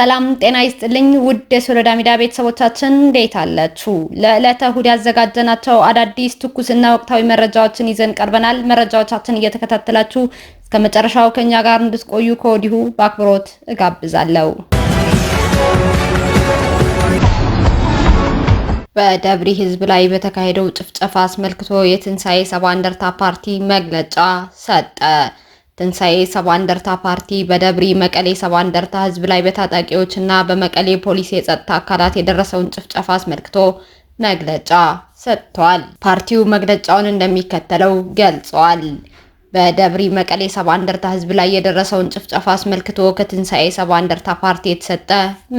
ሰላም ጤና ይስጥልኝ ውድ የሶሎዳ ሚዲያ ቤተሰቦቻችን እንዴት አላችሁ? ለዕለተ እሁድ ያዘጋጀናቸው አዳዲስ ትኩስና ወቅታዊ መረጃዎችን ይዘን ቀርበናል። መረጃዎቻችን እየተከታተላችሁ እስከ መጨረሻው ከኛ ጋር እንድትቆዩ ከወዲሁ በአክብሮት እጋብዛለሁ። በደብሪ ህዝብ ላይ በተካሄደው ጭፍጨፋ አስመልክቶ የትንሣኤ ሰባ እንደርታ ፓርቲ መግለጫ ሰጠ። ትንሳኤ ሰባ እንደርታ ፓርቲ በደብሪ መቀሌ ሰባ እንደርታ ህዝብ ላይ በታጣቂዎች እና በመቀሌ ፖሊስ የጸጥታ አካላት የደረሰውን ጭፍጨፋ አስመልክቶ መግለጫ ሰጥቷል። ፓርቲው መግለጫውን እንደሚከተለው ገልጿል። በደብሪ መቀሌ ሰባ እንደርታ ህዝብ ላይ የደረሰውን ጭፍጨፋ አስመልክቶ ከትንሣኤ ሰባ እንደርታ ፓርቲ የተሰጠ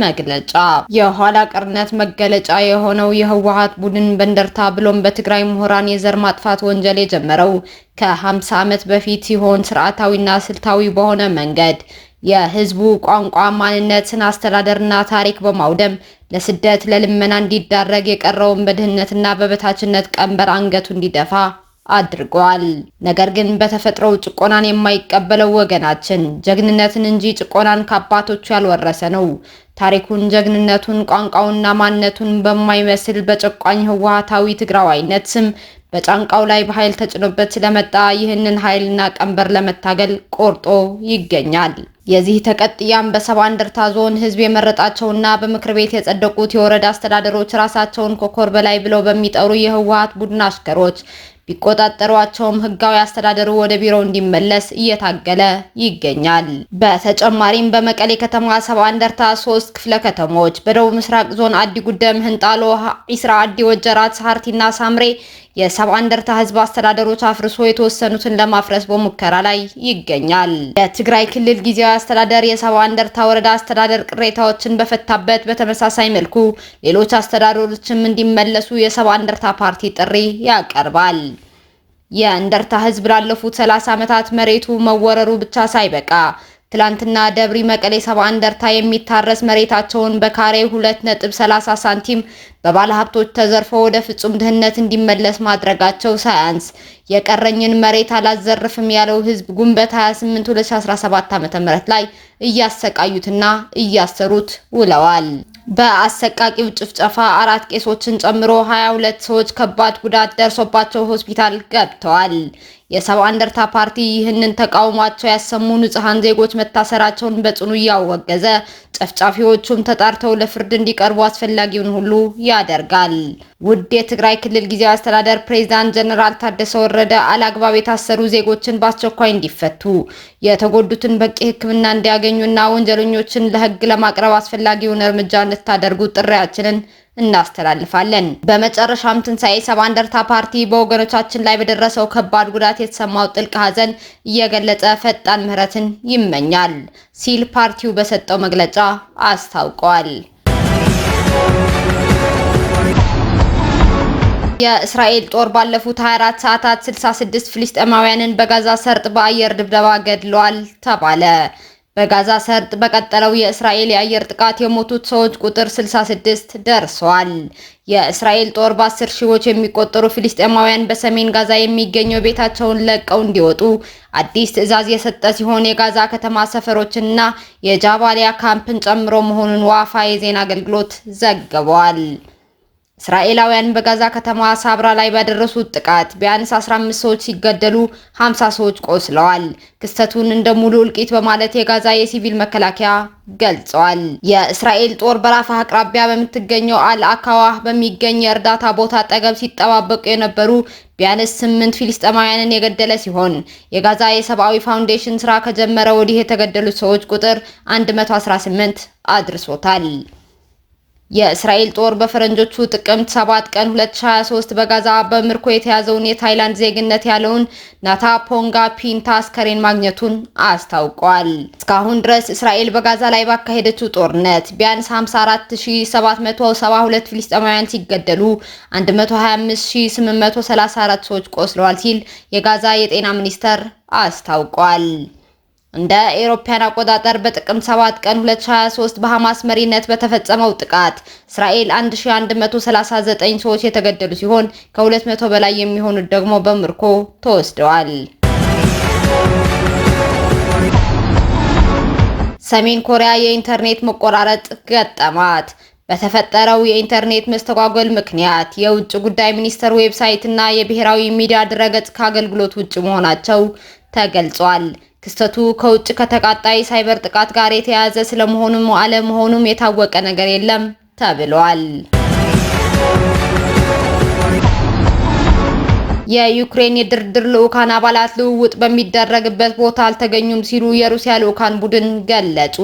መግለጫ። የኋላ ቀርነት መገለጫ የሆነው የህወሓት ቡድን በእንደርታ ብሎም በትግራይ ምሁራን የዘር ማጥፋት ወንጀል የጀመረው ከ50 ዓመት በፊት ሲሆን ስርዓታዊና ስልታዊ በሆነ መንገድ የህዝቡ ቋንቋ፣ ማንነትን፣ አስተዳደርና ታሪክ በማውደም ለስደት፣ ለልመና እንዲዳረግ የቀረውን በድህነትና በበታችነት ቀንበር አንገቱ እንዲደፋ አድርጓል። ነገር ግን በተፈጥሮው ጭቆናን የማይቀበለው ወገናችን ጀግንነትን እንጂ ጭቆናን ከአባቶቹ ያልወረሰ ነው። ታሪኩን፣ ጀግንነቱን፣ ቋንቋውና ማንነቱን በማይመስል በጨቋኝ ህወሀታዊ ትግራዋይነት ስም በጫንቃው ላይ በኃይል ተጭኖበት ስለመጣ ይህንን ኃይልና ቀንበር ለመታገል ቆርጦ ይገኛል። የዚህ ተቀጥያም በሰባ እንደርታ ዞን ህዝብ የመረጣቸውና በምክር ቤት የጸደቁት የወረዳ አስተዳደሮች ራሳቸውን ኮኮር በላይ ብለው በሚጠሩ የህወሀት ቡድን አሽከሮች ቢቆጣጠሯቸውም ህጋዊ አስተዳደሩ ወደ ቢሮው እንዲመለስ እየታገለ ይገኛል። በተጨማሪም በመቀሌ ከተማ ሰባ እንደርታ ሶስት ክፍለ ከተሞች በደቡብ ምስራቅ ዞን አዲ ጉደም፣ ህንጣሎ፣ ኢስራ አዲ፣ ወጀራት፣ ሳርቲና ሳምሬ የሰባ እንደርታ ህዝብ አስተዳደሮች አፍርሶ የተወሰኑትን ለማፍረስ በሙከራ ላይ ይገኛል። የትግራይ ክልል ጊዜያዊ አስተዳደር የሰባ እንደርታ ወረዳ አስተዳደር ቅሬታዎችን በፈታበት በተመሳሳይ መልኩ ሌሎች አስተዳደሮችም እንዲመለሱ የሰባ እንደርታ ፓርቲ ጥሪ ያቀርባል። የእንደርታ ህዝብ ላለፉት 30 ዓመታት መሬቱ መወረሩ ብቻ ሳይበቃ ትላንትና ደብሪ መቀሌ ሰባ እንደርታ የሚታረስ መሬታቸውን በካሬ 2.30 ሳንቲም በባለ ሀብቶች ተዘርፎ ወደ ፍጹም ድህነት እንዲመለስ ማድረጋቸው ሳያንስ የቀረኝን መሬት አላዘርፍም ያለው ህዝብ ጉንበት 28 2017 ዓ.ም ላይ እያሰቃዩትና እያሰሩት ውለዋል። በአሰቃቂው ጭፍጨፋ አራት ቄሶችን ጨምሮ 22 ሰዎች ከባድ ጉዳት ደርሶባቸው ሆስፒታል ገብተዋል። የሰብአ እንደርታ ፓርቲ ይህንን ተቃውሟቸው ያሰሙ ንጹሐን ዜጎች መታሰራቸውን በጽኑ እያወገዘ ጨፍጫፊዎቹም ተጣርተው ለፍርድ እንዲቀርቡ አስፈላጊውን ሁሉ ያደርጋል። ውድ የትግራይ ክልል ጊዜያዊ አስተዳደር ፕሬዝዳንት ጀነራል ታደሰ ወረደ አላግባብ የታሰሩ ዜጎችን በአስቸኳይ እንዲፈቱ፣ የተጎዱትን በቂ ሕክምና እንዲያገኙና ወንጀለኞችን ለሕግ ለማቅረብ አስፈላጊውን እርምጃ እንድታደርጉ ጥሪያችንን እናስተላልፋለን። በመጨረሻም ትንሣኤ ሰባ እንደርታ ፓርቲ በወገኖቻችን ላይ በደረሰው ከባድ ጉዳት የተሰማው ጥልቅ ሐዘን እየገለጸ ፈጣን ምህረትን ይመኛል ሲል ፓርቲው በሰጠው መግለጫ አስታውቋል። የእስራኤል ጦር ባለፉት 24 ሰዓታት 66 ፍልስጤማውያንን በጋዛ ሰርጥ በአየር ድብደባ ገድሏል ተባለ። በጋዛ ሰርጥ በቀጠለው የእስራኤል የአየር ጥቃት የሞቱት ሰዎች ቁጥር 66 ደርሷል። የእስራኤል ጦር በአስር ሺዎች የሚቆጠሩ ፊሊስጤማውያን በሰሜን ጋዛ የሚገኘው ቤታቸውን ለቀው እንዲወጡ አዲስ ትዕዛዝ የሰጠ ሲሆን የጋዛ ከተማ ሰፈሮችና የጃባሊያ ካምፕን ጨምሮ መሆኑን ዋፋ የዜና አገልግሎት ዘግቧል። እስራኤላውያን በጋዛ ከተማ ሳብራ ላይ ባደረሱት ጥቃት ቢያንስ 15 ሰዎች ሲገደሉ 50 ሰዎች ቆስለዋል። ክስተቱን እንደ ሙሉ እልቂት በማለት የጋዛ የሲቪል መከላከያ ገልጸዋል። የእስራኤል ጦር በራፋ አቅራቢያ በምትገኘው አል አካዋ በሚገኝ የእርዳታ ቦታ አጠገብ ሲጠባበቁ የነበሩ ቢያንስ ስምንት ፊልስጤማውያንን የገደለ ሲሆን የጋዛ የሰብአዊ ፋውንዴሽን ስራ ከጀመረ ወዲህ የተገደሉት ሰዎች ቁጥር 118 አድርሶታል። የእስራኤል ጦር በፈረንጆቹ ጥቅምት 7 ቀን 2023 በጋዛ በምርኮ የተያዘውን የታይላንድ ዜግነት ያለውን ናታ ፖንጋ ፒንታ አስከሬን ማግኘቱን አስታውቋል። እስካሁን ድረስ እስራኤል በጋዛ ላይ ባካሄደችው ጦርነት ቢያንስ 54772 ፊልስጤማውያን ሲገደሉ 125834 ሰዎች ቆስለዋል ሲል የጋዛ የጤና ሚኒስቴር አስታውቋል። እንደ ኤሮፓያን አቆጣጠር በጥቅምት 7 ቀን 2023 በሐማስ መሪነት በተፈጸመው ጥቃት እስራኤል 1139 ሰዎች የተገደሉ ሲሆን ከ200 በላይ የሚሆኑት ደግሞ በምርኮ ተወስደዋል። ሰሜን ኮሪያ የኢንተርኔት መቆራረጥ ገጠማት። በተፈጠረው የኢንተርኔት መስተጓጎል ምክንያት የውጭ ጉዳይ ሚኒስቴር ዌብሳይት እና የብሔራዊ ሚዲያ ድረገጽ ከአገልግሎት ውጭ መሆናቸው ተገልጿል። ክስተቱ ከውጭ ከተቃጣይ ሳይበር ጥቃት ጋር የተያያዘ ስለመሆኑም አለመሆኑም የታወቀ ነገር የለም ተብሏል። የዩክሬን የድርድር ልዑካን አባላት ልውውጥ በሚደረግበት ቦታ አልተገኙም ሲሉ የሩሲያ ልዑካን ቡድን ገለጹ።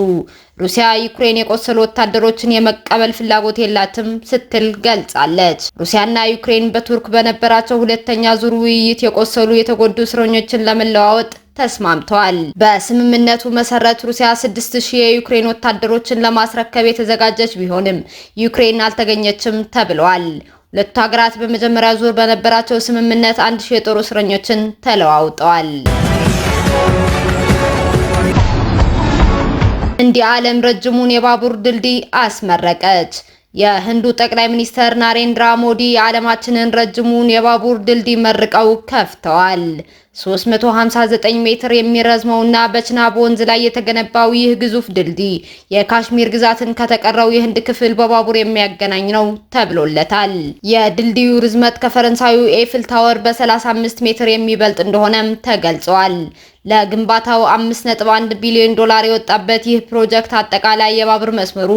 ሩሲያ ዩክሬን የቆሰሉ ወታደሮችን የመቀበል ፍላጎት የላትም ስትል ገልጻለች። ሩሲያና ዩክሬን በቱርክ በነበራቸው ሁለተኛ ዙር ውይይት የቆሰሉ የተጎዱ እስረኞችን ለመለዋወጥ ተስማምተዋል። በስምምነቱ መሰረት ሩሲያ 6000 የዩክሬን ወታደሮችን ለማስረከብ የተዘጋጀች ቢሆንም ዩክሬን አልተገኘችም ተብሏል ሁለቱ ሀገራት በመጀመሪያ ዙር በነበራቸው ስምምነት 1000 የጦር እስረኞችን ተለዋውጠዋል። እንዲህ ዓለም ረጅሙን የባቡር ድልድይ አስመረቀች። የህንዱ ጠቅላይ ሚኒስተር ናሬንድራ ሞዲ የዓለማችንን ረጅሙን የባቡር ድልድይ መርቀው ከፍተዋል። 359 ሜትር የሚረዝመውና በችናብ ወንዝ ላይ የተገነባው ይህ ግዙፍ ድልድይ የካሽሚር ግዛትን ከተቀረው የህንድ ክፍል በባቡር የሚያገናኝ ነው ተብሎለታል። የድልድዩ ርዝመት ከፈረንሳዩ ኤፍል ታወር በ35 ሜትር የሚበልጥ እንደሆነም ተገልጿል። ለግንባታው 5.1 ቢሊዮን ዶላር የወጣበት ይህ ፕሮጀክት አጠቃላይ የባቡር መስመሩ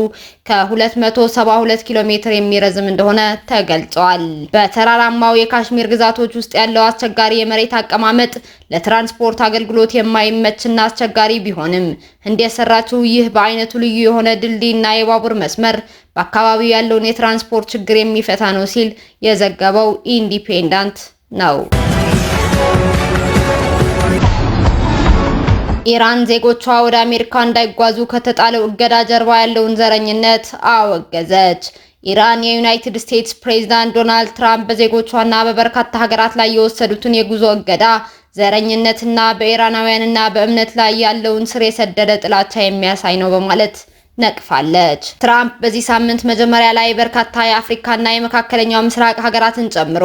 ከ272 ኪሎ ሜትር የሚረዝም እንደሆነ ተገልጿል። በተራራማው የካሽሚር ግዛቶች ውስጥ ያለው አስቸጋሪ የመሬት አቀማመጥ ለትራንስፖርት አገልግሎት የማይመችና አስቸጋሪ ቢሆንም ህንድ የሰራችው ይህ በአይነቱ ልዩ የሆነ ድልድይ እና የባቡር መስመር በአካባቢው ያለውን የትራንስፖርት ችግር የሚፈታ ነው ሲል የዘገበው ኢንዲፔንዳንት ነው። ኢራን ዜጎቿ ወደ አሜሪካ እንዳይጓዙ ከተጣለው እገዳ ጀርባ ያለውን ዘረኝነት አወገዘች። ኢራን የዩናይትድ ስቴትስ ፕሬዝዳንት ዶናልድ ትራምፕ በዜጎቿና በበርካታ ሀገራት ላይ የወሰዱትን የጉዞ እገዳ ዘረኝነትና በኢራናውያንና በእምነት ላይ ያለውን ስር የሰደደ ጥላቻ የሚያሳይ ነው በማለት ነቅፋለች። ትራምፕ በዚህ ሳምንት መጀመሪያ ላይ በርካታ የአፍሪካና የመካከለኛው ምስራቅ ሀገራትን ጨምሮ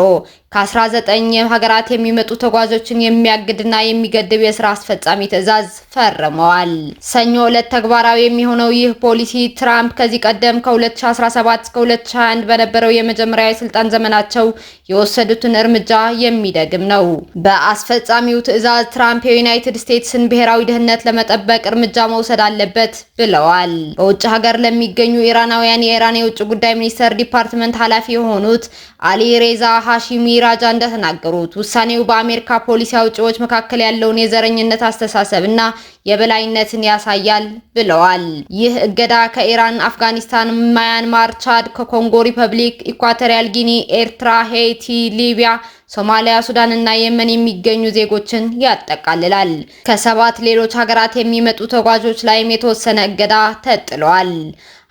ከ19 ሀገራት የሚመጡ ተጓዦችን የሚያግድና የሚገድብ የስራ አስፈጻሚ ትዕዛዝ ፈርመዋል። ሰኞ ዕለት ተግባራዊ የሚሆነው ይህ ፖሊሲ ትራምፕ ከዚህ ቀደም ከ2017 እስከ 2021 በነበረው የመጀመሪያ የስልጣን ዘመናቸው የወሰዱትን እርምጃ የሚደግም ነው። በአስፈጻሚው ትዕዛዝ ትራምፕ የዩናይትድ ስቴትስን ብሔራዊ ደህንነት ለመጠበቅ እርምጃ መውሰድ አለበት ብለዋል። በውጭ ሀገር ለሚገኙ ኢራናውያን የኢራን የውጭ ጉዳይ ሚኒስቴር ዲፓርትመንት ኃላፊ የሆኑት አሊ ሬዛ ሃሺሚ ራጃ እንደተናገሩት ውሳኔው በአሜሪካ ፖሊሲ አውጪዎች መካከል ያለውን የዘረኝነት አስተሳሰብና የበላይነትን ያሳያል ብለዋል። ይህ እገዳ ከኢራን፣ አፍጋኒስታን፣ ማያንማር፣ ቻድ፣ ከኮንጎ ሪፐብሊክ፣ ኢኳቶሪያል ጊኒ፣ ኤርትራ፣ ሄይቲ፣ ሊቢያ ሶማሊያ፣ ሱዳንና የመን የሚገኙ ዜጎችን ያጠቃልላል። ከሰባት ሌሎች ሀገራት የሚመጡ ተጓዦች ላይም የተወሰነ እገዳ ተጥሏል።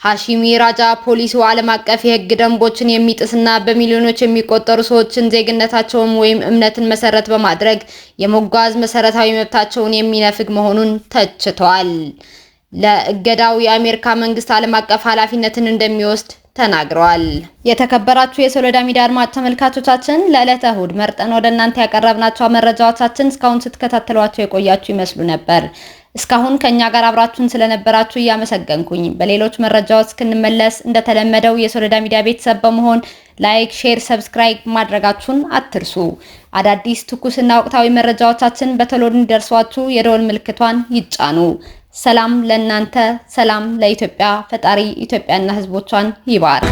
ሀሺሚ ራጃ ፖሊሲው ዓለም አቀፍ የህግ ደንቦችን የሚጥስና በሚሊዮኖች የሚቆጠሩ ሰዎችን ዜግነታቸውን ወይም እምነትን መሰረት በማድረግ የመጓዝ መሰረታዊ መብታቸውን የሚነፍግ መሆኑን ተችቷል። ለእገዳው የአሜሪካ መንግስት ዓለም አቀፍ ኃላፊነትን እንደሚወስድ ተናግረዋል። የተከበራችሁ የሶሎዳ ሚዲያ አድማጭ ተመልካቾቻችን ለዕለተ እሁድ መርጠን ወደ እናንተ ያቀረብናቸው መረጃዎቻችን እስካሁን ስትከታተሏቸው የቆያችሁ ይመስሉ ነበር። እስካሁን ከእኛ ጋር አብራችሁን ስለነበራችሁ እያመሰገንኩኝ በሌሎች መረጃዎች እስክንመለስ እንደተለመደው የሶለዳ ሚዲያ ቤተሰብ በመሆን ላይክ፣ ሼር፣ ሰብስክራይብ ማድረጋችሁን አትርሱ። አዳዲስ ትኩስና ወቅታዊ መረጃዎቻችን በቶሎ እንዲደርሷችሁ የደወል ምልክቷን ይጫኑ። ሰላም ለእናንተ፣ ሰላም ለኢትዮጵያ። ፈጣሪ ኢትዮጵያና ሕዝቦቿን ይባርክ።